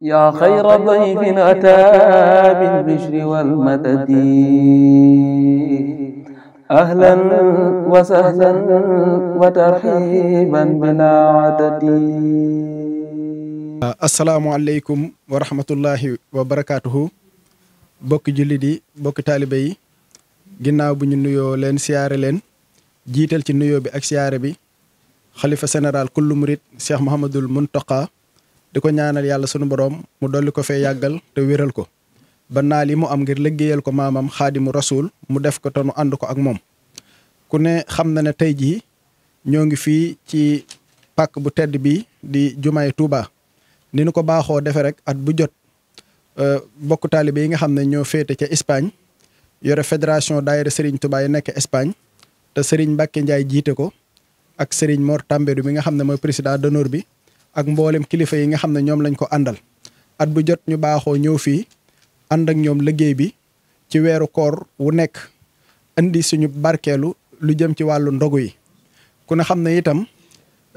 yaa xayra dayfin ataa bil bishri wal madadi ahlan wa sahlan wa tarxiiban bilaa adadi. asalaamualeykum wa rahmatullahi wa barakaatuhu bokki jullit yi bokki taalibe yi ginnaaw bu ñu nuyoo leen siyaare leen jiital ci nuyoo bi ak siyaare bi xalifa général kullu murit Cheikh Mouhamadul Mountakha. di ko ñaanal yàlla sunu boroom mu dolli ko fee yàggal te wéral ko ba naa li mu am ngir liggéeyal ko maamam xaadimu rasul mu def ko te ànd ko ak moom ku ne xam na ne tey jii ñoo ngi fii ci pàkk bu tedd bi di jumay Touba ni nu ko baaxoo defee rek at bu jot euh, bokk taalibe yi nga xam ne ñoo féete ca Espagne yore fédération daayira Serigne Touba yi nekk Espagne te Serigne Mbacke Ndiaye jiite ko ak Serigne Mor Tambédou bi nga xam ne mooy président d'honneur bi ak mboolem kilifa yi nga xam ne ñoom lañ ko àndal at bu jot ñu baaxoo ñëw fii ànd ak ñoom liggéey bi ci weeru koor wu nekk indi suñu barkeelu lu jëm ci wàllu ndogu yi ku ne xam ne itam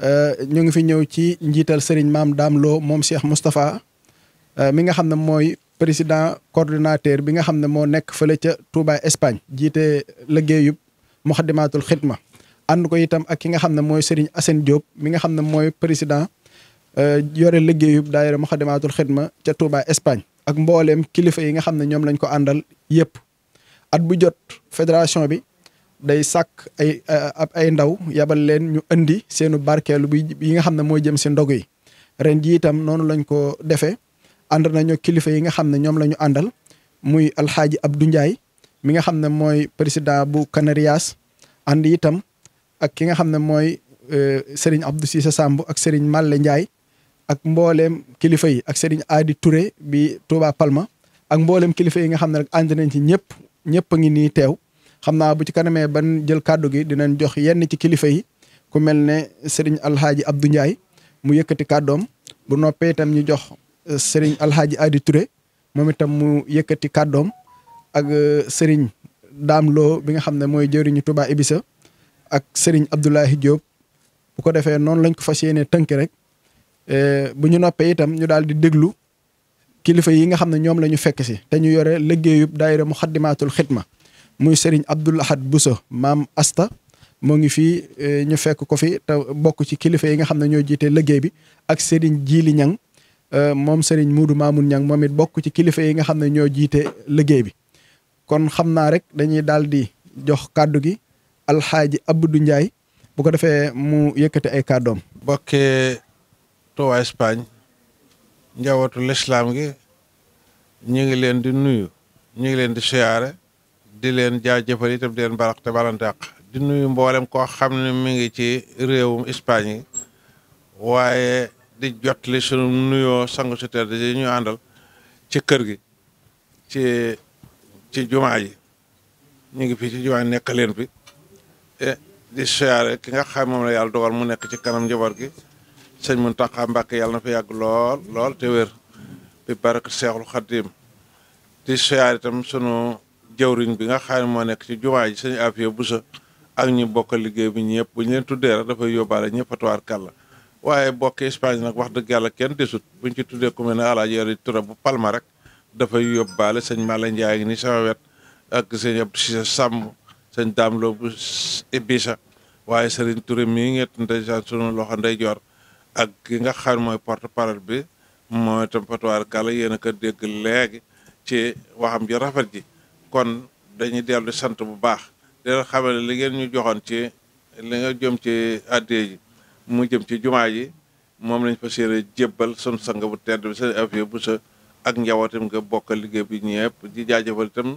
euh, ñu ngi fi ñëw ci njiital sëriñ maam daam loo moom Cheikh Moustapha euh, mi nga xam ne mooy président coordinateur bi nga xam ne moo nekk fële ca Touba Espagne jiite liggéeyub Muxaddamatul Xidma ànd ko itam ak ki nga xam ne mooy sëriñ Assane Diop mi nga xam ne mooy président Euh, yore liggéeyub daayira Muxaddamatul Xidma ca Touba Espagne ak mbooleem kilifa yi nga xam ne ñoom lañu ko andal yëpp at bu jot fédération bi day sàkk ay euh, ab ay ndaw yabal leen ñu indi seenu barkeelu yi nga xam ne mooy jëm si ndog yi ren noonu lañ ko defee ànd nañu kilifa yi nga xam ne ñoom lañu ñu àndal muy alxaaji Abdou njaay mi nga xam ne mooy président bu Canarias ànd itam ak ki nga xam ne mooy euh, Serigne Abdou Cissé Samb ak Serigne Malle Ndiaye ak mbooleem kilifa yi ak Serigne Adi Touré bi Touba Palma ak mbooleem kilifa yi nga xam ne rek ànd nañ ci ñëpp ñëpp a ngi nii teew xam naa bu ci kanamee ban jël kàddu gi dinañ jox yenn ci kilifa yi ku mel ne Serigne Alhaji Abdou Ndiaye mu yëkkati kàddoom bu noppee itam ñu jox euh, Serigne Alhaji Adi ture moom itam mu yëkkati kàddoom ak euh, Serigne Dame Lo bi nga xam ne mooy jëriñu Touba Ibisa ak Serigne Abdoulahi Diop bu ko defee noonu lañ ko fas yéenee tënk rek. Euh, bu ñu noppee itam ñu daal di déglu kilifa yi nga xam ne ñoom lañu fekk si te ñu yore liggéeyub daayira Muxaddamaatul Xidma muy Serigne Abdoul Ahad Bousso maam Asta moo ngi fii euh, ñu fekk ko fi te bokk ci kilifa yi nga xam ne ñoo jiite liggéey bi ak Serigne Jili Ñang euh, moom Serigne Muudu Maamun Ñang moom it bokk ci kilifa yi nga xam ne ñoo jiite liggéey bi kon xam naa rek dañuy daal di jox kàddu gi alxaaji Abdou Ndiaye bu ko defee mu yëkkati ay kàddoom. Touba Espagne njabootu lislaam gi ñu ngi leen di nuyu ñu ngi leen di siyaare di leen jaajëfal itam di leen barax te balantaq di nuyu mboolem koo xam ne mi ngi ci réewum Espagne yi waaye di jot li sunu nuyoo sangu si tedd yi ñu àndal ci kër gi ci ci jumaa ji ñu ngi fii ci jumaa ji nekk leen fi eh, di siyaare ki nga xam moom la yàlla dogal mu nekk ci kanam njaboot gi sëñ Mountakha Mbacké yàlla na fa yàgg lool lool te wér bi barke Seexul Xadim di siyaar itam sunu jëwriñ bi nga xam moo nekk ci jumaa ji sëñ Afia Boussa ak ñu bokk liggéey bi ñëpp bu ñu leen tuddee rek dafay yóbbaale ñëpp atuwaar kàlla waaye bokk Espagne nag wax dëgg yàlla kenn desut buñ ci tuddee ku mel ne Alaaji Tura bu Palma rek dafay yóbbaale sëñ Mala Ndiaye ngi ni sama wet ak sëñ si Cissé Samb sëñ Daam Lo bu Ibisa waaye sëriñ Touré mii ngeen ndeysaan sunu loxo ak ki nga xam mooy porte parole bi mooy itam fatuwaar kàlla yéen a ko dégg léegi ci waxam ji rafet ji kon dañuy dellu sant bu baax di leen xamal li ngeen ñu joxoon ci li nga jëm ci addee ji mu jëm ci jumaa ji moom lañ fa séeré jébbal sun sang bu tedd bi seen affaire bu sa ak njabootam nga bokk liggéey bi ñëpp di jaajëfal itam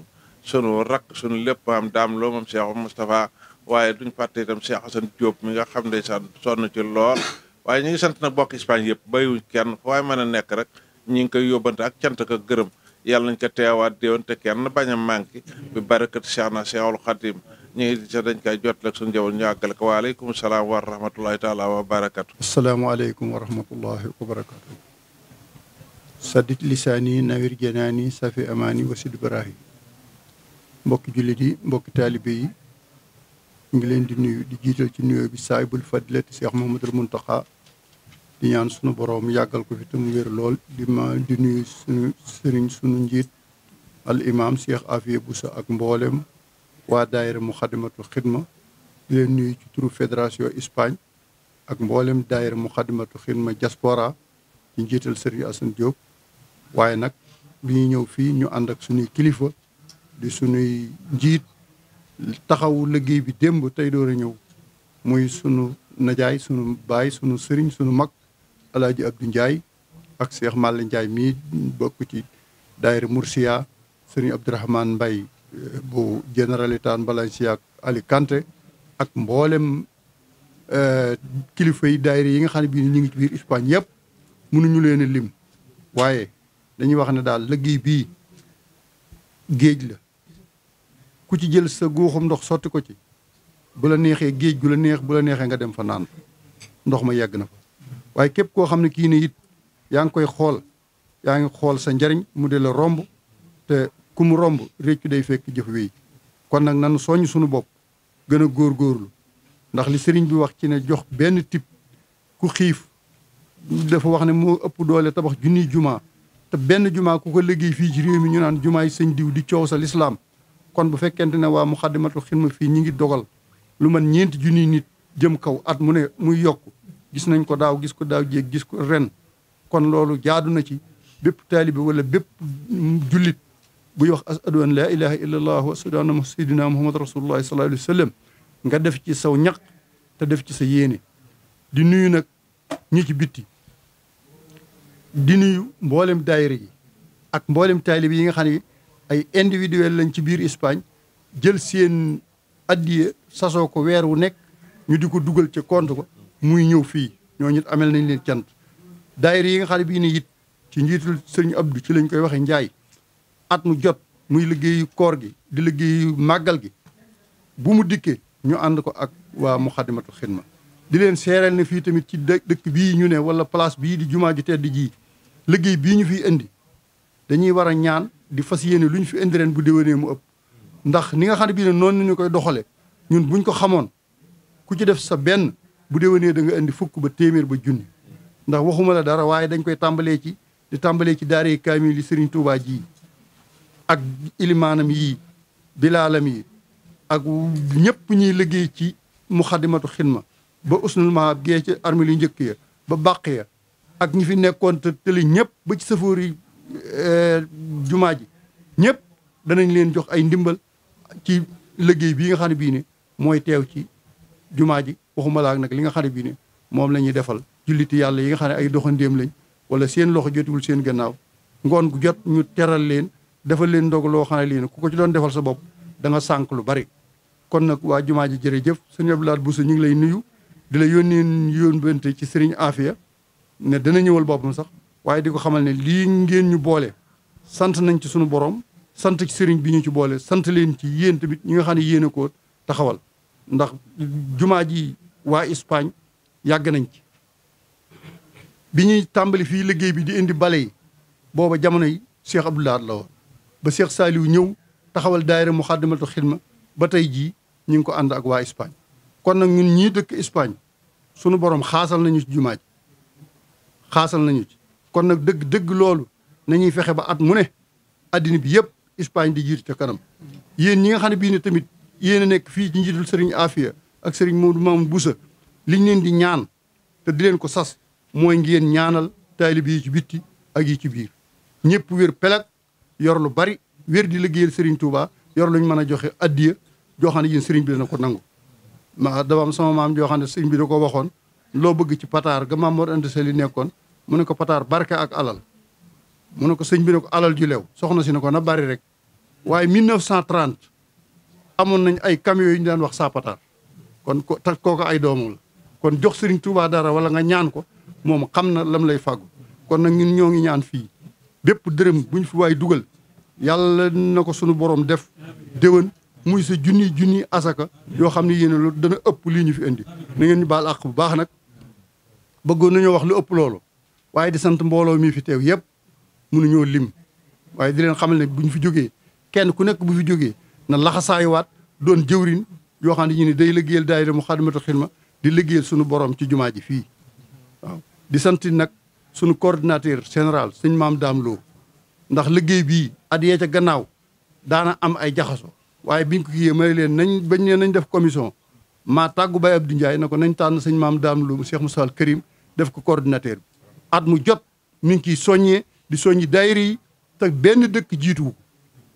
sunu rakk sunu lépp am daam loo moom Cheikh Moustapha waaye duñ fàtte tam Cheikh Assane Diop mi nga xam ne san sonn ci lool waaye ñu ngi sant nag bokk Espagne yëpp béyu kenn fu waaye mën a nekk rek ñu ngi koy yóbbante ak cant ak gërëm yàlla nañ ko teewaat déwén te kenn bañ a manqué bi barakat Cheikhna Cheikhul Khadim ñu ngi sa jot rek suñu jaww ñu àggale ko waaleykum salaam wa rahmatullahi taala wa barakatu asalaamaaleykum wa rahmatullahi wa saddit lisaani nawir janaani safi amaani wasid barahi mbokki jullit yi mbokki taalibe yi ngi leen di nuyu di jiital ci nuyoo bi saahibul fadilati Cheikh Mouhamadoul Mountakha di ñaan sunu boroom yàggal ko fi te wér lool di ma di nuyu sunu sëriñ sunu njiit al imaam Cheikh Afia Boussa ak mbooleem waa daayira Muxaddamatul Xidma di leen nuyu ci turu fédération Espagne ak mboolem daayira Muxaddamatul Xidma diaspora njiital sëriñ Assane Diop waaye nag bi ñu ñëw fii ñu ànd ak sunuy kilifa di sunuy njiit taxawu liggéey bi démb tey door a ñëw muy sunu najaay sunu baay sunu sëriñ sunu mag alaaji Abdou njaay ak Cheikh Malle Ndiaye mii bokk ci daayira Mursiya sëriñ Abdourahmane mbay eh, bu généralitaan Balancia ak Ali ak mboolem eh, kilifa yi daayira yi nga xam ne bii ñu ngi ci biir Espagne yëpp mënuñu leen lim waaye dañuy wax ne daal liggéey bii géej la ku ci jël sa guuxum ndox sotti ko ci bu la neexee géej gu la neex bu la neexee nga dem fa naan ndox ma yàgg na fa waaye képp koo xam ne kii ni it yaa ngi koy xool yaa ngi xool sa njariñ mu de la romb te ku mu romb réccu day fekk jëf wéy kon nag nan soññ sunu bopp gën a góorgóorlu ndax li sëriñ bi wax ci ne jox benn tip ku xiif dafa wax ne moo ëpp doole tabax junniy jumaa te benn jumaa ku ko liggéey fii ci réew mi ñu naan jumaa yi sëñ diw di coow sa lislaam kon bu fekkente ne waa muxaddamatul xidma fii ñu ngi dogal lu man ñeenti junniy nit jëm kaw at mu ne muy yokk gis nañ ko daaw gis ko daaw jéeg gis ko ren kon loolu jaadu na ci bépp taalibi wala bépp jullit buy wax ashadu an laa ilaha illa allah wa ashadu anna sayyidina muhammad rasulullahi sallallahu alayhi wa sallam nga def ci saw ñaq te def ci sa yéene di nuyu nag ñi ci bitti di nuyu mboolem daayira yi ak mboolem taalibi yi nga xam ne ay individuel lañ ci biir Espagne jël seen addiye sasoo ko weer wu nekk ñu di ko dugal ca compte ko muy ñëw fii ñooñu it amel nañ leen cant daayira yi nga xam ne bii ne it ci njiitul sëriñ Abdou ci lañ koy waxee njaay at mu jot muy liggéeyu koor gi di liggéeyu màggal gi bu mu dikkee ñu ànd ko ak waa Muxaddamatul Xidma di leen seereel na fii tamit ci dëkk bii ñu ne wala place bii di jumaa ji tedd ji liggéey bii ñu fiy indi dañuy war a ñaan di fas yéene lu ñu fi indi ren bu déwénee mu ëpp ndax ni nga xam ne bii ne noonu ñu koy doxale ñun buñ ko xamoon ku ci def sa benn bu déwénee da nga indi fukk ba téeméer ba junni ndax waxuma la dara waaye dañ koy tàmbalee ci di tàmbalee ci daaree kaamil yi Serigne Touba ji ak ilimaanam yi bilaalam yi ak ñëpp ñuy liggéey ci muxadimatu xidma ba usnul mahab gee ci armée njëkk ya ba bàq ya ak ñu fi nekkoon te tëli ñëpp ba ci safoor yi eh, jumaa ji ñëpp danañ leen jox ay ndimbal ci liggéey bii nga xam ne bii ne mooy teew ci jumaa ji waxuma laak nag li nga xam ne bii ne moom la ñuy defal julliti yàlla yi nga xam ne ay doxandéem lañ wala seen loxo jotiwul seen gannaaw ngoon gu jot ñu teral leen defal leen ndog loo xam ne lii ne ku ko ci doon defal sa bopp da nga sànq lu bari kon nag waa jumaa ji jëf sëñ Abdou Lahad Bousso ñu ngi lay nuyu di la yónnee yónbante ci sëriñ Afia ne dana ñëwal boppam sax waaye di ko xamal ne lii ngeen ñu boole sant nañ ci suñu borom sant ci sëriñ bi ñu ci boole sant leen ci yéen tamit ñi nga xam ne yéen ko taxawal waa Espagne yàgg nañ ci bi ñuy tàmbali fii liggéey bi di indi bale yi booba jamono yi Cheikh Abdoulaye la woon ba Cheikh Saliou ñëw taxawal mu Muxaddamatul Xidma ba tey jii ñu ngi ko ànd ak waa Espagne kon nag ñun ñii dëkk Espagne sunu borom xaasal nañu ci jumaa ji xaasal nañu ci kon nag dëgg dëgg loolu nañuy fexe ba at mu ne addina bi yëpp Espagne di jiitu ca kanam yéen ñi nga xam ne bii ne tamit yéen a nekk fii ci njiitul Serigne Afia ak sëriñ Modou Mamoun Boussa liñ leen di ñaan te di leen ko sas mooy ngeen ñaanal taalib yi ci bitti ak yi ci biir ñëpp wér pelag yor lu bari wér di liggéeyal sëriñ Touba yor luñ mën a joxe addiya joo xam ne yéen sëriñ bi dana ko nangu ma dafa am sama maam joo xam ne sëriñ bi da ko waxoon loo bëgg ci pataar ga maam Mor Anta Sali nekkoon mu ne ko pataar barke ak alal mu ne ko sëñ bi ne ko alal ju leew soxna si ne ko na bari rek waaye 1930 amoon nañ ay camions yu ñu daan wax saa kon ko tax ko ay doomam la kon jox Serigne Touba dara wala nga ñaan ko moom xam na lam lay fàggu kon nag ñun ñoo ngi ñaan fii bépp dërëm buñ fi waay dugal yàlla na ko sunu borom def déwén muy sa junni junni asaka yoo xam ne yéen lu dana ëpp lii ñu fi indi na ngeen ñu baal àq bu baax nag bëggoon nañu wax lu ëpp loolu waaye di sant mbooloo mi fi teew yëpp mënuñoo lim waaye di leen xamal ne buñ fi jógee kenn ku nekk bu fi jógee na laxasaayuwaat doon jëwrin yoo xam ne ñu ni day liggéeyal daayira Muxaddamatul Xidma di liggéeyal suñu borom ci jumaa ji fii waaw di sant nag suñu coordinateur général sëñ maam daam loo ndax liggéey bii at yee ca gannaaw daana am ay jaxaso waaye biñ ko kiyee may leen nañ bañ ne nañ def commission maa tàggu Baye Abdou Ndiaye na ko nañ tànn sëñ maam daam mu loo Cheikh Moussa Karim def ko coordinateur bi at mu jot mi ngi ciy soññee di soññ daayira yi te benn dëkk jiitu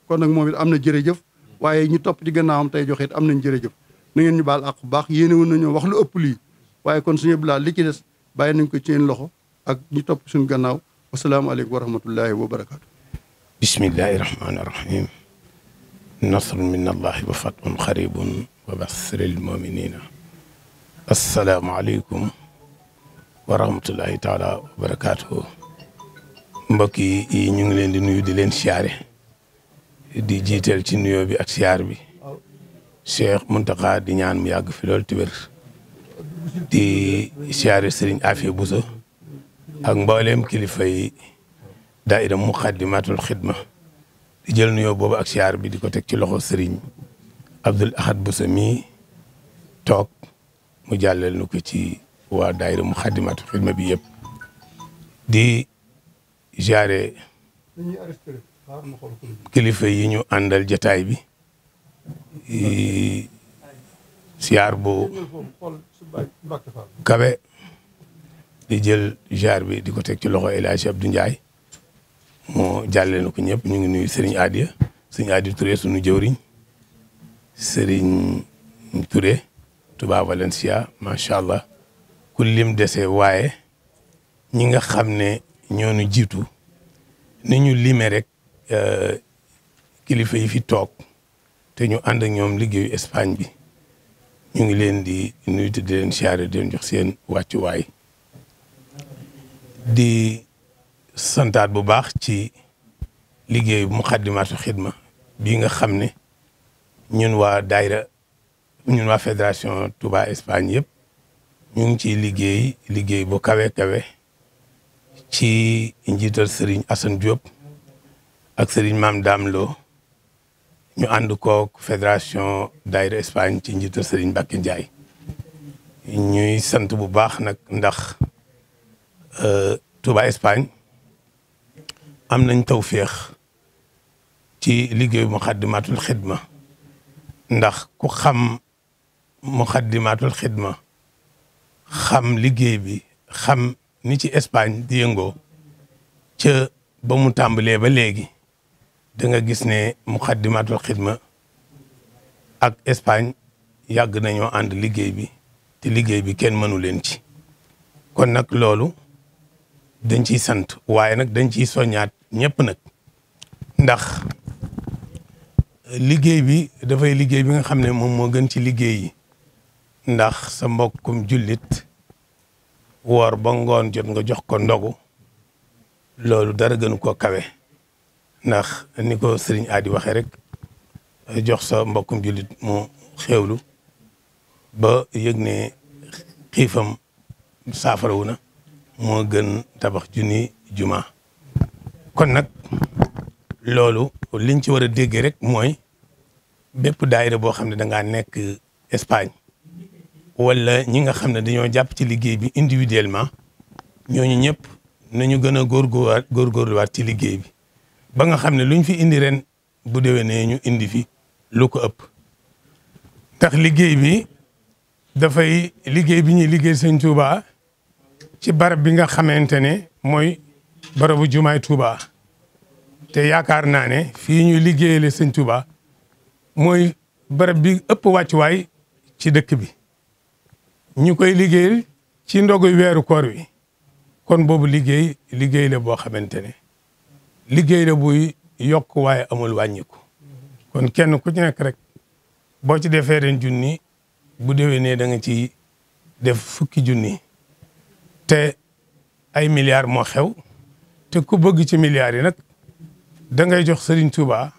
kon nag moom it na jërëjëf waaye ñu topp ci gannaawam tey joxe it am nañ jërëjëf na ngeen ñu baal àq bu baax yéene woon nañoo wax lu ëpp lii waaye kon suñu bilaa li ci des bàyyi nañ ko ci seen loxo ak ñu topp suñu gannaaw wasalaamaaleykum wa rahmatullahi wa barakaatu. bismillahi rahmaani rahim. nasrun min allahi wa fatun xaribun wa basril muminina. asalaamaaleykum. wa rahmatullahi taala wa barakaatu. mbokk yi ñu ngi leen di nuyu di leen siyaare. di jiiteel ci nuyoo bi ak siyaar bi Cheikh di ñaan mu yàgg fi lool di siyaare sëriñ Afia Bousso ak mbooleem kilifa yi daaira Muxaddamatul Xidma di jël nuyoo boobu ak siyaar bi di ko teg ci loxo sëriñ Abdoul Ahad Bousso mii toog mu jàllal nu ko ci waa daaira Muxaddamatul Xidma bi yëpp di siyaare kilifa yi ñu àndal jataay bi siyaar bu kawe di jël jaar bi di ko teg ci loxo El Hadj Ndiaye moo jàllale na ko ñëpp ñu ngi nuyu Serigne Adia Serigne Adia Touré sunu jëwriñ Serigne Touré Touba Valencia macha allah ku lim dese waaye ñi nga xam ne ñoonu nu jiitu ni ñu lime rek Euh, kilifa yi fi toog te ñu ànd ak ñoom liggéey Espagne bi ñu ngi leen di nuyu di leen siyaare di leen jox seen wàccuwaay di santaat bu baax ci liggéeyu Muxaddamatul Xidma bii nga xam ni ñun waa daayira ñun waa fédération Touba Espagne yëpp ñu ngi ci liggéey liggéey bu kawe kawe ci njiital Serigne Assane Diop. ak sëriñ maam Dame Lo ñu ànd kook fédération daayira Espagne ci njiital sëriñ Mbacke Ndiaye ñuy sant bu baax nag ndax euh, Touba Espagne am nañ tawféex ci liggéeyu Muxaddamatul Xidma ndax ku xam Muxaddamatul Xidma xam liggéey bi xam ni ci Espagne di yëngoo ca ba mu tàmbalee ba léegi da gis ne muxaddimaatul xidma ak Espagne yàgg nañoo ànd liggéey bi te liggéey bi kenn mënu leen ci kon nag loolu dañ ciy sant waaye nag dañ ciy soññaat ñëpp nag ndax liggéey bi dafay liggéey bi nga xam ne moom moo gën ci liggéey yi ndax sa mbokkum jullit woor ba ngoon jot nga jox ko ndogu loolu dara gënu ko kawe ndax ni ko sëriñ aadi waxee rek jox sa mbokkum jullit mu xéewlu ba yëg ne xiifam saafarawu na moo gën tabax junni jumaa kon nag loolu liñ ci war a déggee rek mooy bépp daayira boo xam ne da nekk Espagne wala ñi nga xam ne dañoo jàpp ci liggéey bi individuellement ñooñu ñëpp nañu gën a góorgóorluwaat góorgóorluwaat ci liggéey bi ba nga xam ne luñ fi indi ren bu déwénee ñu indi fi lu ko ëpp ndax liggéey bi dafay liggéey bi ñuy liggéey sëñ Touba ci barab bi nga xamante ne mooy barabu jumaay Touba te yaakaar naa ne fii ñu liggéeyale sëñ Touba mooy barab bi ëpp wàccuwaay ci dëkk bi ñu koy liggéey ci ndogu weeru koor wi kon boobu liggéey liggéey la boo xamante ne liggéey la buy yokk waaye amul wàññiku kon kenn ku ci nekk rek boo ci defee ren junni bu déwénee da danga ci def fukki junni te ay milliards moo xew te ku bëgg ci milliards yi nag da ngay jox Serigne Touba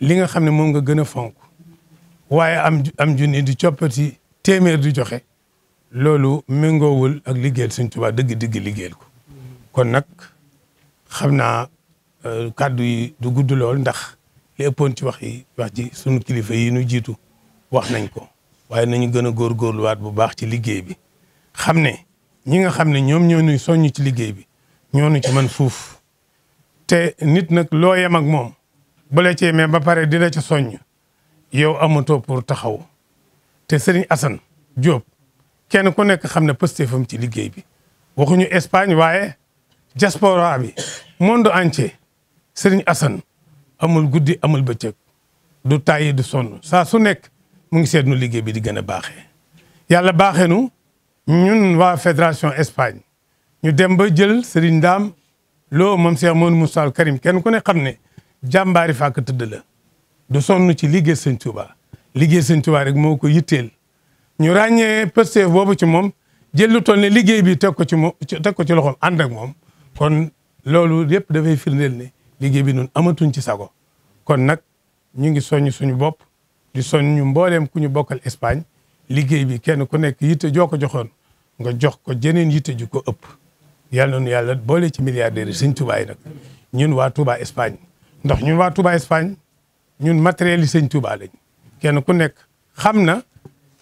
li nga xam ne moom nga gën a fonk waaye am am junni di coppati téeméer di joxe loolu méngoowul ak liggéey Serigne Touba dëgg digg liggéey ko kon nag xam naa Euh, kaddu yi du gudd lool ndax li ci wax yi wax ji sunu kilifa yi nu jiitu wax nañ ko waaye nañu gën a góorgóorluwaat bu baax ci liggéey bi xam ne ñi nga xam ne ñoom ñoo nuy soññ ci liggéey bi ñoo nu ci man fuuf te nit nag loo yem ak moom bu la cee mais ba pare di la ca soññ yow amatoo pour taxaw te Serigne Assane Diop kenn ku nekk xam ne pëstéefam ci liggéey bi waxuñu Espagne waaye diaspora bi monde entier sëriñ Assane amul guddi amul bëccëg du tàyyi du sonn saa su nekk mu ngi seet liggéey bi di gën a baaxee yàlla baaxee nu ñun waa fédération Espagne ñu dem ba jël sëriñ Ndaam loo moom Cheikh Mouhamadou Moustapha kërim kenn ku ne xam ne jàmbaari fàkk tëdd la du sonn ci liggéey sëñ Touba liggéey sëñ Touba rek moo ko yitteel ñu ràññee pësteef boobu ci moom jël lu toll ne liggéey bi te ko ci moom teg ko ci loxoom ànd ak moom kon loolu yëpp dafay firndeel ne liggéey bi nun amatuñ ci sago kon nag ñu ngi soñ suñu bopp di ñu mbooleem ku ñu bokkal Espagne liggéey bi kenn ku nekk yitte joo ko joxoon nga jox ko jeneen yitte ju ko ëpp yàlla noonu yàlla boole ci milliardaires yi sëñ Touba nag ñun waa Touba Espagne ndax ñun waa Touba Espagne ñun matériel yi sëñ Touba lañ kenn ku nekk xam na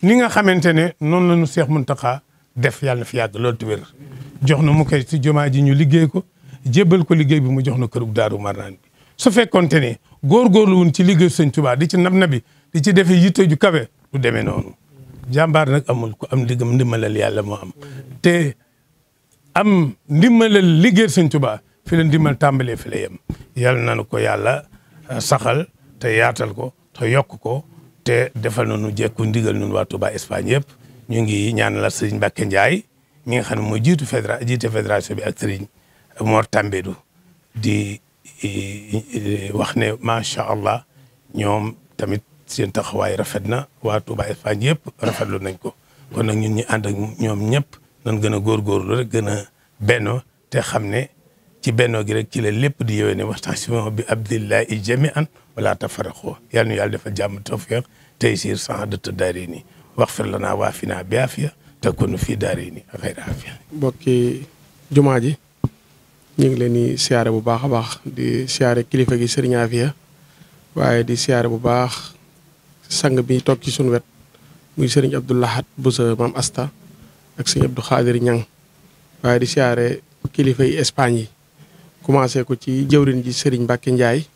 ni nga xamante ne noonu la ñu Seex Muntaxa def yàlla na fi yàgg loolu te wér jox na mu koy ci jomaa ji ñu liggéey ko jébbal ko liggéey bi mu jox na kërub daaru marnaan bi su fekkonte ne góorgóorlu wuñ ci liggéey sëñ Tuubaa di ci nab nabi di ci defe yitte ju kawe du demee noonu jàmbaar nag amul ku am ndigam ndimbalal yàlla moo am te am ndimbalal liggéey sëñ Tuubaa fi la ndimbal tàmbalee fi la yem yàlla nanu ko yàlla eh, saxal te yaatal ko te yokk ko te defal nañu jekku ndigal nun waa Touba Espagne yëpp ñu ngi ñaanal Serigne Mbacke Ndiaye ñi nga xam ne mooy jiitu fédération jiite fédération bi ak Serigne Mor Tambédou di wax ne macha allah ñoom tamit seen taxawaay rafet na waa Touba Espagne yëpp rafetlu nañ ko kon nag ñun ñu ànd ak ñoom ñëpp nan gën a góorgóorlu rek gën a bennoo te xam ne ci benno gi rek ci la lépp di yowee ne si wasta'simu bi hablillahi jami'an wala tafarraqu yal na yàlla defal jàmm tawfiq taysir saadatu daarayni waxfir lanaa waafina bi aafiya takunu fii daarayni xayra aafiya mbokki jumaa ji ñu ngi leen di siyaare bu baax a baax di siyaare kilifa gi Serigne Afia waaye di siyaare bu baax sang bi toog ci suñu wet muy Serigne Abdou Lahad Bousso Maam Asta ak Serigne Abdou Khadir Niang waaye di siyaare kilifa yi Espagne yi commencé ko ci jëwrin ji Serigne Mbacke Ndiaye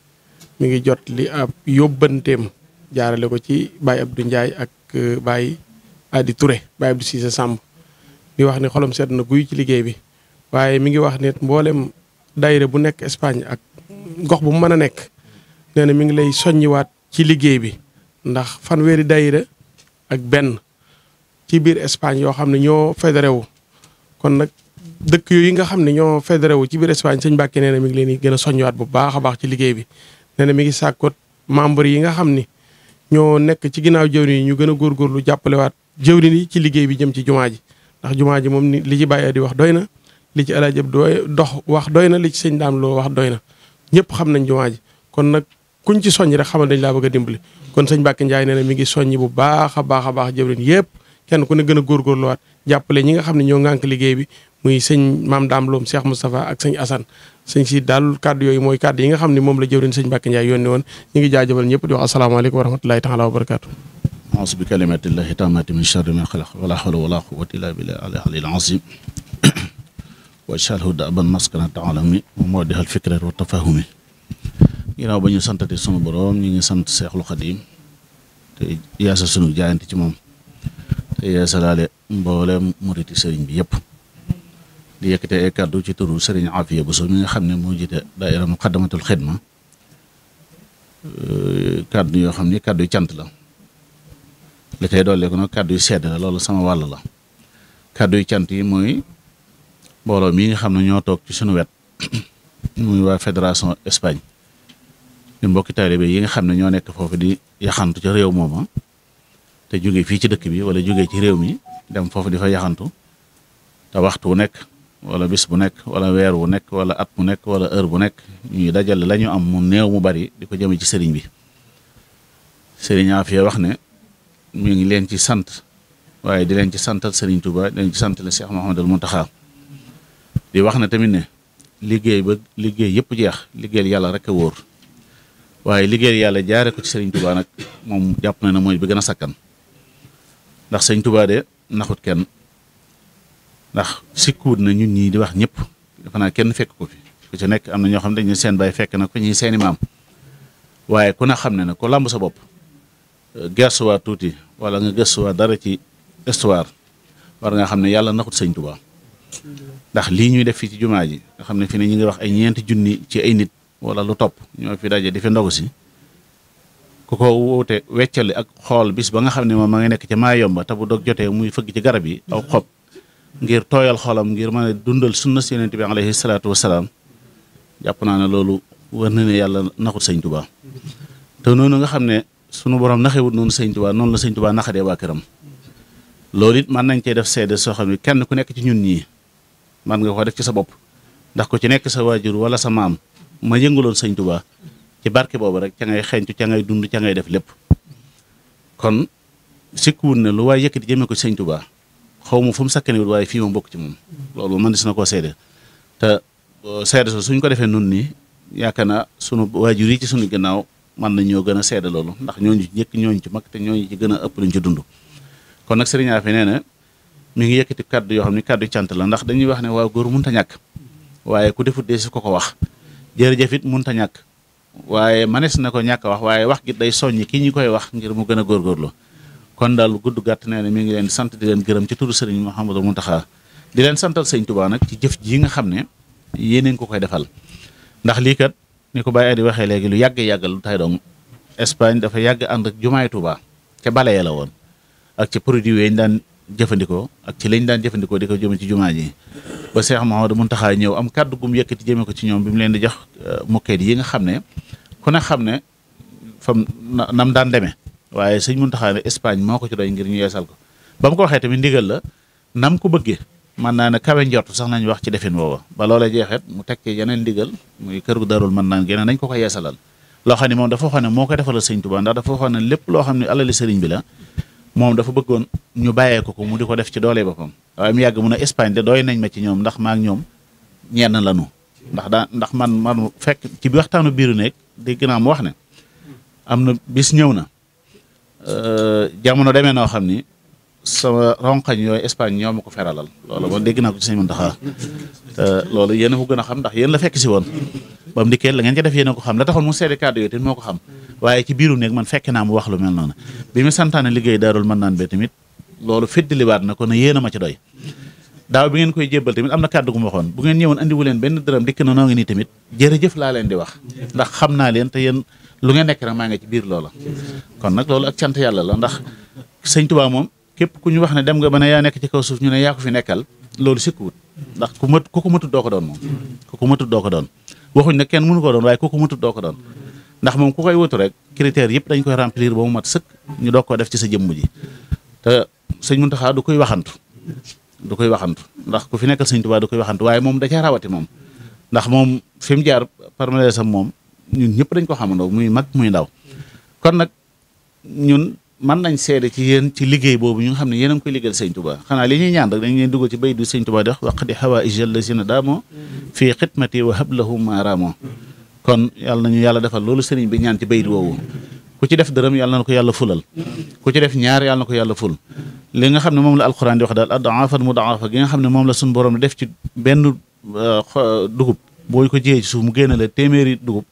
mu ngi jot li ab yóbbanteem jaarale ko ci Baye Abdou Ndiaye ak euh, Baye Adi Touré Baye Abdou Cissé Samb di wax ne xolam sedd na guy ci liggéey bi. waaye mi ngi wax ne mboolem dayre bu nekk Espagne ak gox bu mën a nekk nee na mi ngi lay soññiwaat ci liggéey bi ndax fanweeri dayre ak benn ci biir Espagne yoo xam ne ñoo fédéré wu kon nag dëkk yooyu nga xam ne ñoo fédéré wu ci biir Espagne sëñ Mbàkke nee na mi ngi leen di gën a soññiwaat bu baax a baax ci liggéey bi nee na mi ngi sàkkoot membre yi nga xam ni ñoo nekk ci ginnaaw jëwriñ yi ñu gën góor góorgóorlu jàppalewaat jëwriñ yi ci liggéey bi jëm ci jumaa ji ndax jumaa ji moom li ci bàyyee di wax doy na li ci alaaj ab dooy dox wax doy na li ci sëñ daam loo wax doy na ñëpp xam nañ jumaa ji kon nag kuñ ci soññ rek xamal dañ laa bëgg a dimbali kon sëñ Mbàkke Njaay nee mi ngi soññ bu baax a baax a baax yëpp kenn ku ne gën a góorgóorluwaat jàppale ñi nga xam ne ñoo ŋànk liggéey bi muy sëñ maam daam loom Cheikh Moustapha ak sëñ Assane sëñ si daal kàddu yooyu mooy kàddu yi nga xam ne moom la jëwriñ sëñ Mbàkke Njaay yónni woon ñu ngi jaajëfal ñëpp di wax asalaamaaleykum wa rahmatulahi taala wa barakaatu aousu bi kalimatillahi taamati min charri ma xalaq wala xawla wala quwwata waj'alhu da'ban maskana ta'allumi wa mawdi'al fikri wa tafahumi ginnaaw ba ñu santati sunu boroom ñu ngi sant Seexul Xadiim te yaasa sunu jaayante ci moom te yaasa laale mboolem muriti sëriñ bi yëpp di yëkkatee ay kàddu ci turu sëriñ Afiya so mi nga xam ne moo jiite daayira Muqaddamatul Xidma kàddu yoo xam ni kàddu yu cant la li koy dolli ko nag kàddu yu sedd la loolu sama wàll la kàddu yu cant yi mooy mbooloo mii nga xam ne ñoo toog ci suñu wet muy waa fédération Espagne di mbokki taalibe yi nga xam ne ñoo nekk foofu di yaxantu ca réew mooma te jóge fii ci dëkk bi wala jóge ci réew mi dem foofu di fa yaxantu te waxtu wu nekk wala bis bu nekk wala weer wu nekk wala at mu nekk wala heure bu nekk ñuy dajale lañu am mu néew mu bari di ko jëme ci sëriñ bi sëriñ Afia wax ne mu ngi leen ci sant waaye di leen ci santal sëriñ Touba di leen ci sant la Cheikh Mouhamadul Mountakha di wax na tamit ne liggéey ba liggéey yëpp jeex liggéeyal yàlla rek a wóor waaye liggéeyal yàlla jaare ko ci sëriñ tubaa nag moom jàpp na ne mooy bi gën a sakkan ndax sëriñ tubaa de naxut kenn ndax sikkuut na ñu ñii di wax ñëpp dafa naa kenn fekk ko fi ku ci nekk am na ñoo xam ne dañu seen bay fekk na ko ñuy seeni maam waaye ku ne xam ne ne ku làmb sa bopp gersuwaat tuuti wala nga gëstuwaat dara ci histoire war nga xam ne yàlla naxut sëriñ tubaa ndax lii ñuy def fii ci jumaa ji nga xam ne fi ne ñu ngi wax ay ñeenti junni ci ay nit wala lu topp ñoo fi daje di fi ndogu si ku ko wuute weccali ak xool bis ba nga xam ne moom ma ngi nekk ca Maayomba te bu dog jotee muy fëgg ci garab yi aw xob ngir tooyal xolam ngir mën a dundal sunna si yonent bi alayhi salaatu jàpp naa ne loolu wër na ne yàlla naxut sëñ tubaa te noonu nga xam ne sunu borom naxewut noonu sëñ tubaa noonu la sëñ tubaa naxadee waa këram loolu it mën nañ cee def seede soo xam kenn ku nekk ci ñun ñii man nga ko def ci sa bopp ndax ku ci nekk sa waajur wala sa maam ma yëngaloon sëñ Tuubaa ci barke boobu rek ca ngay xencu ca ngay dund ca ngay def lépp kon sikk sikkuwul ne lu waaye di jëmme ko sëñ Tuubaa xaw ma fu mu sakkanewul waaye fii ma bokk ci moom loolu man dis na koo seede te euh, seede so suñ ko defee nun nii yaakaar naa sunu waajur yi ci sunu gannaaw man na ñoo gën a seede loolu ndax ñooñu ci njëkk ñooñu ci mag te ñooñu ci gën a ëpp luñ ci dund mi ngi yëkkati kaddu yoo xam ni kaddu cant la ndax dañuy wax ne waaw góor mënut a ñàkk waaye ku defut dee si ko ko wax jërëjëf it mënut a ñàkk waaye manes na ko ñàkk wax waaye wax gi day soññi ki ñu koy wax ngir mu gën góor góorgóorlu kon daal gudd gàtt nee na mu ngi leen sant di leen gërëm ci turu sëriñ mu Mountakha di leen santal sëñ Touba nag ci jëf ji nga xam ne yéeneen ko koy defal ndax lii kat ni ko Baye Adi waxee léegi lu yàgg yàggal lu tay dong Espagne dafa yàgg ànd ak jumaay Touba ca bale ya la woon jëfandikoo ak ci lañ daan jëfandikoo di ko jëme ci jumaa ji ba Cheikh Mouhamadou Mountakha ñëw am kàddu gum yëkkati jëme ko ci ñoom bi mu leen di jox uh, mukkeet yi nga xam ne ku ne xam ne fam nam daan demee waaye sëñ Mountakha ne Espagne moo ko ci doy ngir ñu yeesal ko ba mu ko waxee tamit ndigal la nam ko bëggee man naa ne kawe njort sax nañ wax ci defin woowa ba loola jeexet mu tekki yeneen ndigal muy kër gu darul mën naan geneen nañ ko ko yeesalal loo xam ne moom dafa waxoon ne moo ko defalal sëñ Tuubaa ndax dafa waxoon lépp loo xam ne alali sëriñ bi la moom dafa bëggoon ñu bàyyee ko ko mu di ko def ci doole boppam waaye mu yàgg mu ne Espagne de doy nañ ma ci ñoom ndax maa ngi ñoom ñenn lanu ndax daa ndax man man fekk ci waxtaanu biiru nekk dégg naa mu wax ne am na bis ñëw na euh, jamono demee noo xam ni sama ronqañ yooyu Espagne ñoo ma ko feralal loolu moom dégg naa ko ci sëñ Muntaxa te euh, loolu yéen a ko gën a xam ndax yéen la fekk si woon ba mu dikkee la ngeen ca def yéen a ko xam la taxoon mu seede kàddu yooyu tamit moo ko xam waaye ci biiru néeg man fekke naa mu wax lu mel noonu bi mu santaane liggéey daarul mën naan bee tamit loolu féddaliwaat na ko ne yéen a ma ci doy daaw bi ngeen koy jébbal tamit am na kàddu gu ma waxoon bu ngeen ñëwoon andiwu leen benn dërëm dikk na noo ngi nii tamit jërëjëf laa leen di wax ndax xam naa leen te yéen lu ngeen nekk rek maa ngi ci biir loola kon nag loolu ak cant yàlla la ndax sëñ Tuubaa moom képp ku ñu wax ne dem nga ba ne yaa nekk ci kaw suuf ne yaa ko fi nekkal loolu sikkuwut ndax ku mat ku ko matut doo ko doon moom ku ko matut doo waxuñ ne kenn mënu ko doon waaye ku ko mënut doo ko doon ndax moom ku koy wutu rek critères yëpp dañ koy remplir ba mu mat sëkk ñu doog ko def ci sa jëmm ji te sëñ Muntaxa du koy waxantu du koy waxantu ndax ku fi nekkal sëñ Tuubaa du koy waxantu waaye moom da caa rawati moom ndax moom fi mu jaar parmele sam moom ñun ñëpp dañ ko xamandoo muy mag muy ndaw kon nag ñun man nañ seede ci yéen ci liggéey boobu ñu nga xam ne yéen a ngi koy liggéeyal sëñ Tuba xanaa li ñuy ñaan rek dañ leen dugal ci bay du sëñ Tuba di wax waq di xawa ijal la sina daamoo fii xidmati wa hablahu maaraamoo kon yàlla nañu yàlla defal loolu sëriñ bi ñaan ci bayit woowu ku ci def dërëm yàlla na ko yàlla fulal ku ci def ñaar yàlla na ko yàlla ful li nga xam ne moom la alquran di wax daal adaafan mudaafa gi nga xam ne moom la suñu borom def ci benn euh, dugub boo ko jiyee ci mu génn la téeméeri dugub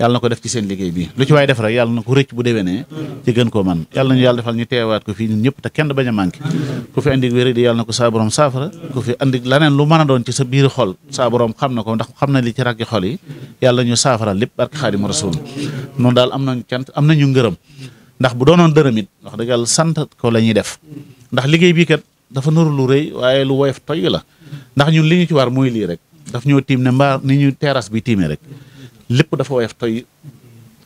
yàlla na ko def ci seen liggéey bi lu ci waay def rek yàlla na ko rëcc bu déwénee ci gën koo man yàlla nañu yàlla defal ñu teewaat ko fii ñun ñëpp te kenn bañ a manqué ku fi andi wéri di yàlla na ko saa borom saafara ku fi andi laneen lu mën a doon ci sa biir xol saa borom xam na ko ndax xam na li ci rakki xol yi yàlla ñu saafara lépp barke xaadimu rasul noonu daal am nañu cant am nañu ngërëm ndax bu doonoon dërëm ko la ñuy def ndax liggéey bii kat dafa nuru lu rëy waaye lu woyof toy la ndax ñun li ñu ci war mooy lii rek daf ñoo tiim ni ñu bi tiimee lépp dafa woyof toy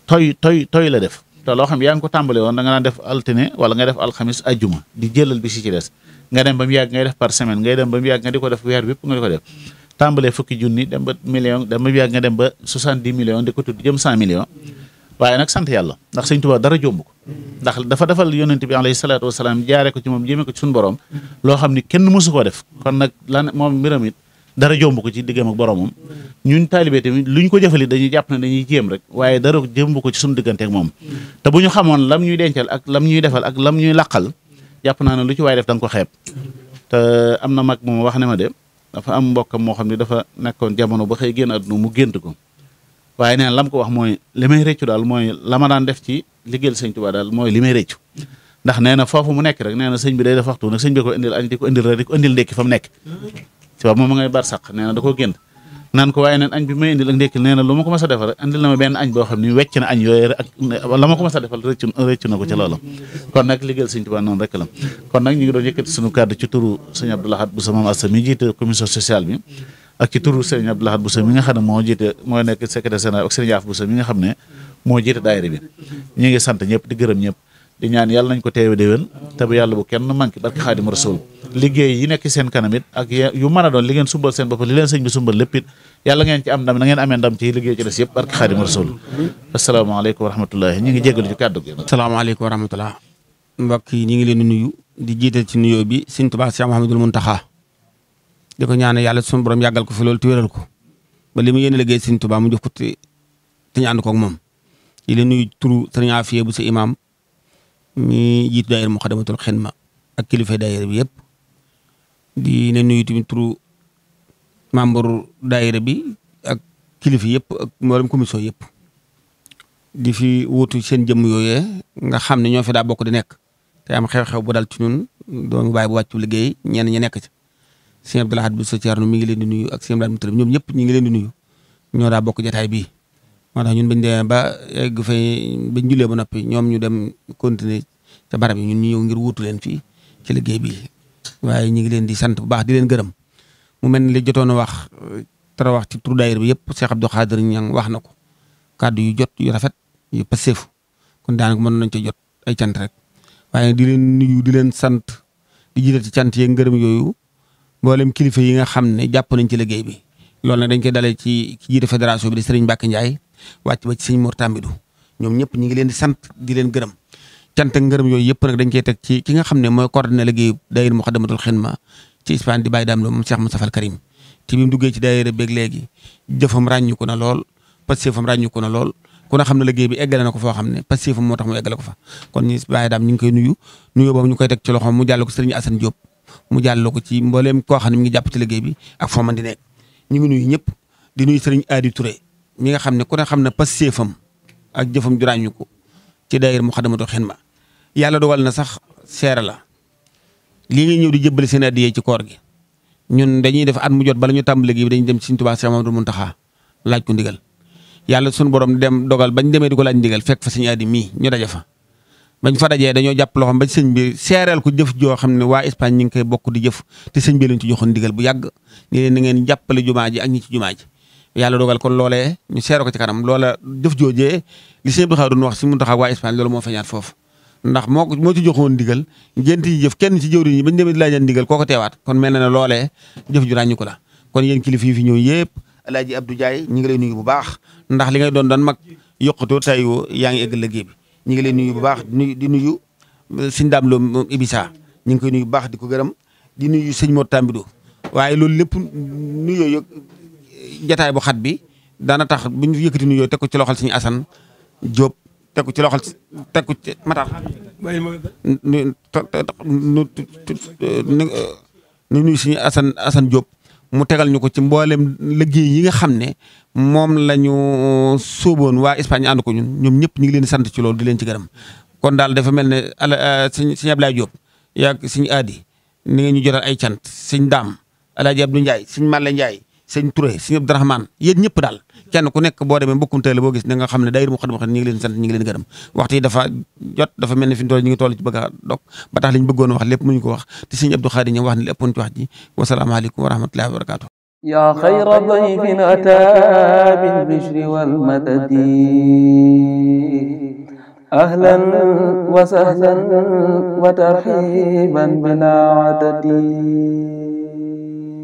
toy toy toy la def te loo xam yaa ngi ko tàmbale woon da nga naan def altine wala nga def alxamis ajjuma di jëlal bi si ci des nga dem ba mu yàgg ngay def par semaine ngay dem ba mu yàgg nga di ko def weer bépp dem ba soixante-dix millions di ko tudd jëm cent millions waaye nag sant yàlla ndax sëñ Tuubaa dara jomb ko ndax dafa defal yonent bi alayhi salaatu wasalaam jaare ko ci moom jéeme ko ci suñu borom loo xam ni kenn mësu koo def kon nag dara jomb ko ci diggam ak boromam ñun taalibe tamit luñ ko jëfalit dañuy jàpp ne dañuy jéem rek waaye dara jëmb ko ci suñu diggante moom te bu ñu xamoon lam ñuy dencal ak lam ñuy defal ak lam ñuy laqal jàpp naa ne lu ci waaye def da ko xeeb te am na mag moom wax ne ma de dafa am mbokkam moo xam ne dafa nekkoon jamono ba xëy génn àdduna mu gént ko waaye neen lam ko wax mooy li may rëccu daal mooy la ma daan def ci liggéeyal sëñ Tuubaa daal mooy li may rëccu ndax nee na foofu mu nekk rek nee na sëñ bi day def waxtu nag sëñ bi ko indil añ di ko indil rek di ko fa mu nekk ci waa moom ma ngay barsàq nee da koo gént naan ko waaye neen añ bi may indil ak ndékkil lu ma ko mas a defal indil na ma benn añ boo xam ni wecc na na ko ci loola kon nag liggéeyal Sëñ Tuubaa noonu rek la kon nag bi ak ci turu Sëñ mi nga xam ne moo jiite mooy nekk secrétaire général ak Sëñ Yaaf Bousso mi nga xam ne moo jiite daayira bi ñu ngi sant ñëpp di gërëm ñëpp di ñaan yàlla nañ ko teewe déwén te bu yàlla bu kenn manqué barki xaadimu rasul liggéey yi nekk seen kanam it ak yu mën a doon li ngeen sumbal seen bopp li leen sëñ lépp it yàlla ngeen ci am ndam na ngeen amee ndam ci liggéey ci des yëpp barki xaadimu rasul asalaamaaleykum wa rahmatullahi ñu ngi jégalu ci kàddu gi asalaamaaleykum wa rahmatullah mbokk yi ñu ngi leen di nuyu di jiital ci nuyoo bi sëñ Tuubaa Cheikh Mouhamadoul Mountakha di ko ñaan yàlla suñu borom yàggal ko fi loolu te wéral ko ba li mu yéen liggéey sëñ Tuubaa mu jox ko te ñu ànd ko ak moom di leen nuyu turu sëriñ Afiye bu sa imam mi jiitu daayira Muxaddamatul Xidma ak kilifa daayira bi yëpp di leen nuyu tamit turu membre daayira bi ak kilifa yëpp ak mboolem commission yëpp di fi wuutu seen jëmm yooyee nga xam ne ñoo fi daa bokk di nekk te am xew-xew bu dal ci ñun doomu baay bu wàccu liggéey ñenn ñi nekk ci sëñ Abdoul Ahad bi sa Ceerno mi ngi leen di nuyu a sëñ Abdoul Ahad mi ñoom ngi leen di nuyu ñoo daa bokk jataay bii moo tax ñun bañ demee ba egg fay bañ jullee ba noppi ñoom ñu dem continuer ca barab yi ñun ñu ñëw ngir wuutu leen fii ci liggéey bi waaye ñu ngi leen di sant bu baax di leen gërëm mu mel ni li jotoon a wax tara wax ti turu daayir bi yëpp Cheikh Abdou Khadir Niang wax na ko kàddu yu jot yu rafet yu paseefu kon daanaka mën nañ ca jot ay cant rek waaye di leen nuyu di leen sant di jiital ci cant yeeg gërëm yooyu mboolem kilifa yi nga xam ne jàpp nañ ci liggéey bi loolu nag dañ koy dalee ci ki jiite fédération bi di Serigne Mbacke Ndiaye wàcc ba ci sëñ Mor ñoom ñëpp ñu ngi leen di sant di leen gërëm cant ngërëm yooyu yëpp nag dañ koy teg ci ki nga xam ne mooy coordonné liggéey daayira Muxaddamatul Xidma ci Espagne di bàyyi daam loolu moom Cheikh Moustapha Karim ci bi mu duggee ci daayira beeg léegi jëfam ràññu ko na lool pastéefam ràññu ko na lool ku na xam ne liggéey bi eggale na ko foo xam ne pastéefam moo tax mu eggale ko fa kon ñu bàyyi daam ñu ngi nuyu nuyu boobu mi nga xam ne ku ne xam ne pastéefam ak jëfam juraañu ko ci daayir Muxaddamatul Xidma yàlla dogal na sax seere la lii nga ñëw di jëbbale seen addiyee ci koor gi ñun dañuy def at mu jot bala ñu tàmbali gi dañuy dem Sëriñ Tuubaa Séex Mamadu Muntaxaa laaj ko ndigal yàlla suñu borom dem dogal bañ demee di ko laaj ndigal fekk fa sëñ Aadi mii ñu daje fa bañ fa dajee dañoo jàpp loxoom ba sëñ bi seereel ko jëf joo xam ne waa Espagne ñu ngi koy bokk di jëf te sëñ bi lañ ci joxoon ndigal bu yàgg ni leen na ngeen jàppale jumaa ji ak ñi ci jumaa ji yàlla dogal kon loolee ñu seero ko ci kanam loola jëf joojee li sëñ Abdou Khadre doon wax si Muntaxa waa Espagne loolu moo feeñaat foofu ndax moo ko moo ci joxoon ndigal gént yi jëf kenn ci jëwriñ yi ba demee di laajal ndigal koo ko teewaat kon mel na ne loolee jëf ju ràññu ko la kon yéen kilifa yi fi ñëw yëpp El Hadj Abdou Ndiaye ñu ngi lay nuyu bu baax ndax li ngay doon daan mag yokkatoo tayoo yaa ngi egg liggéey bi ñu ngi lay nuyu bu baax di nuyu sëñ Dame Lo moom Ibisa ñu ngi koy nuyu bu baax di ko gërëm di nuyu sëñ Mor Tambidou waaye loolu jataay bu xat bi daana tax bu ñu yëkkati nuyoo teg ci loxol suñu Assane Diop teg ci loxol teg ko ci Matar. nu nuyu suñu Assane Assane Diop mu tegal ñu ko ci mboolem liggéey yi nga xam ne moom lañu ñu waa Espagne ànd ko ñun ñoom ñëpp ñu ngi leen sant ci loolu di leen ci garam kon daal dafa mel ne ala suñu ah, suñu Ablaye Diop yaa suñu aadi ni nga ñu jotal ay cant suñu daam El Hadj Abdou Ndiaye suñu Malle Ndiaye sëñ Touré sëñ Abdourahmane yéen ñëpp daal kenn ku nekk boo demee mbokkum teel boo gis ne nga xam ne daayira mu xadama xam ne ñu ngi leen sant ñu ngi leen gërëm waxtu dafa jot dafa mel ne fi ñu toll ñu a dog ba tax li ñu bëggoon wax lépp mu wax te sëñ Abdou Khadi ñoom wax ne li ci wax ji wasalaamaaleykum wa rahmatullahi wa barakaatu yaa xayra dayfin ataa bil bishri wal madadi ahlan wa sahlan wa tarhiban